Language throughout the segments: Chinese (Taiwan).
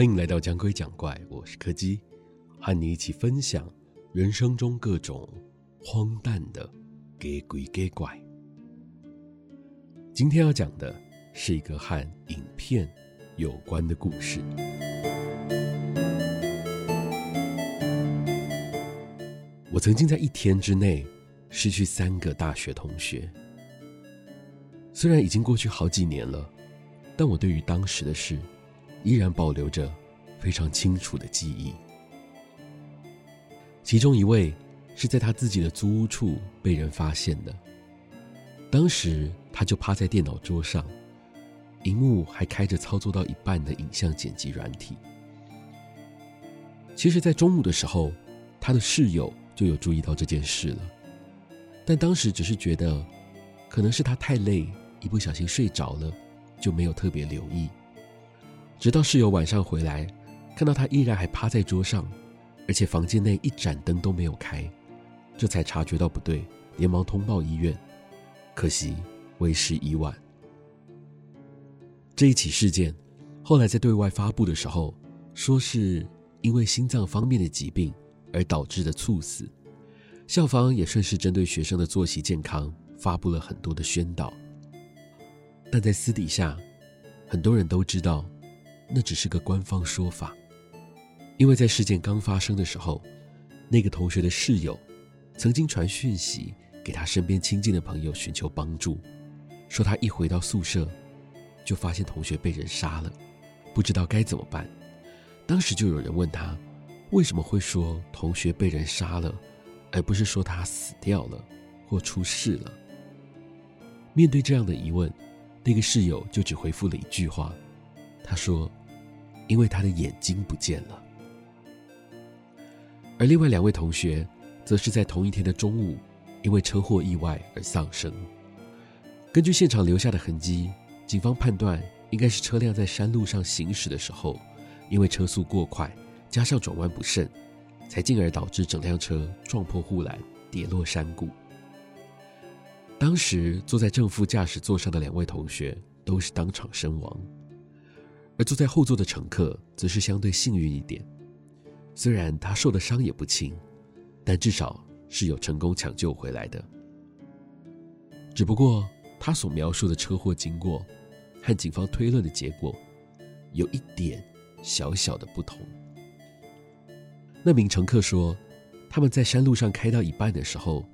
歡迎來到《講鬼講怪》，我是柯基，和你一起分享人生中各種荒誕的假鬼假怪。今天要講的是一個和影片有關的故事。我曾經在一天之內失去三個大學同學，雖然已經過去好幾年了，但我對於當時的事，依然保留着非常清楚的記憶。其中一位是在他自己的租屋處被人發現的，當時他就趴在電腦桌上，熒幕還開着操作到一半的影像剪輯軟體。其實，在中午的時候，他的室友就有注意到這件事了，但當時只是覺得可能是他太累，一不小心睡着了，就沒有特別留意。直到室友晚上回來，看到他依然還趴在桌上，而且房間內一盞燈都沒有開，這才察覺到不對，連忙通報醫院。可惜為時已晚。這一起事件後來在對外發布的時候，說是因為心臟方面的疾病而導致的猝死。校方也順勢針對學生的作息健康發布了很多的宣導，但在私底下，很多人都知道。那只是個官方說法，因為在事件剛發生的時候，那個同學的室友曾經傳訊息給他身邊親近的朋友尋求幫助，說他一回到宿舍就發現同學被人殺了，不知道該怎麼辦。當時就有人問他，為什麼會說同學被人殺了，而不是說他死掉了或出事了？面對這樣的疑問，那個室友就只回復了一句話。他說：“因為他的眼睛不見了。”而另外兩位同學，則是在同一天的中午，因為車禍意外而喪生。根據現場留下的痕迹，警方判斷應該是車輛在山路上行駛的時候，因為車速過快，加上轉彎不慎，才進而導致整輛車撞破護欄，跌落山谷。當時坐在正副駕駛座上的兩位同學都是當場身亡。而坐在後座的乘客則是相對幸運一點，雖然他受的傷也不輕，但至少是有成功搶救回來的。只不過他所描述的車禍經過，和警方推論的結果，有一點小小的不同。那名乘客說，他們在山路上開到一半的時候，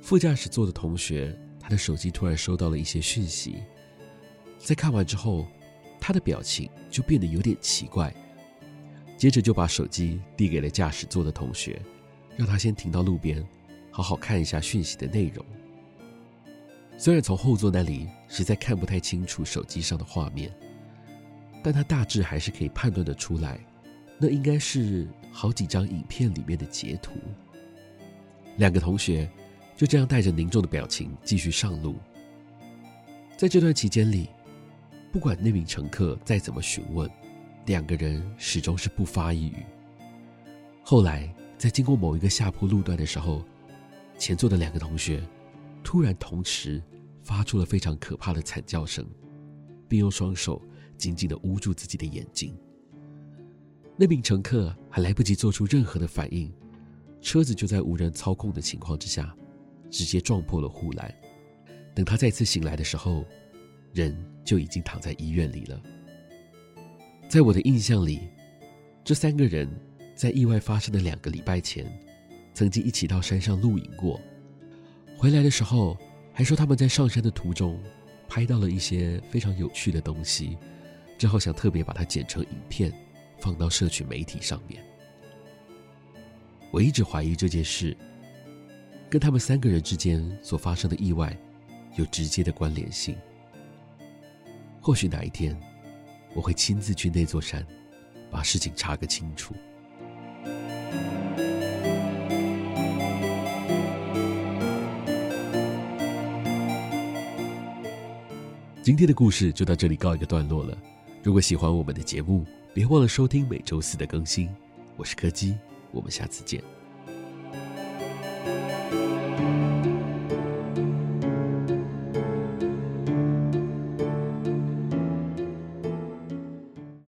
副駕駛座的同學他的手機突然收到了一些訊息，在看完之後。他的表情就變得有點奇怪，接着就把手機遞給了駕駛座的同學，讓他先停到路邊，好好看一下訊息的內容。雖然從後座那裡實在看不太清楚手機上的畫面，但他大致還是可以判斷得出來，那應該是好幾張影片裡面的截圖。兩個同學就這樣帶着凝重的表情繼續上路。在這段期間裡。不管那名乘客再怎麼詢問，兩個人始終是不發一語。後來，在經過某一個下坡路段的時候，前座的兩個同學突然同時發出了非常可怕的慘叫聲，並用雙手緊緊地捂住自己的眼睛。那名乘客還來不及做出任何的反應，車子就在無人操控的情況之下，直接撞破了護欄。等他再次醒來的時候，人，就已經躺在醫院裡了。在我的印象裡，這三個人在意外發生的兩個禮拜前，曾經一起到山上露營過。回來的時候，還說他們在上山的途中拍到了一些非常有趣的東西，之後想特別把它剪成影片，放到社群媒體上面。我一直懷疑這件事跟他們三個人之間所發生的意外有直接的關聯性。或許哪一天，我會親自去那座山，把事情查個清楚。今天的故事就到這裡告一個段落了。如果喜歡我們的節目，別忘了收聽每周四的更新。我是柯基，我們下次見。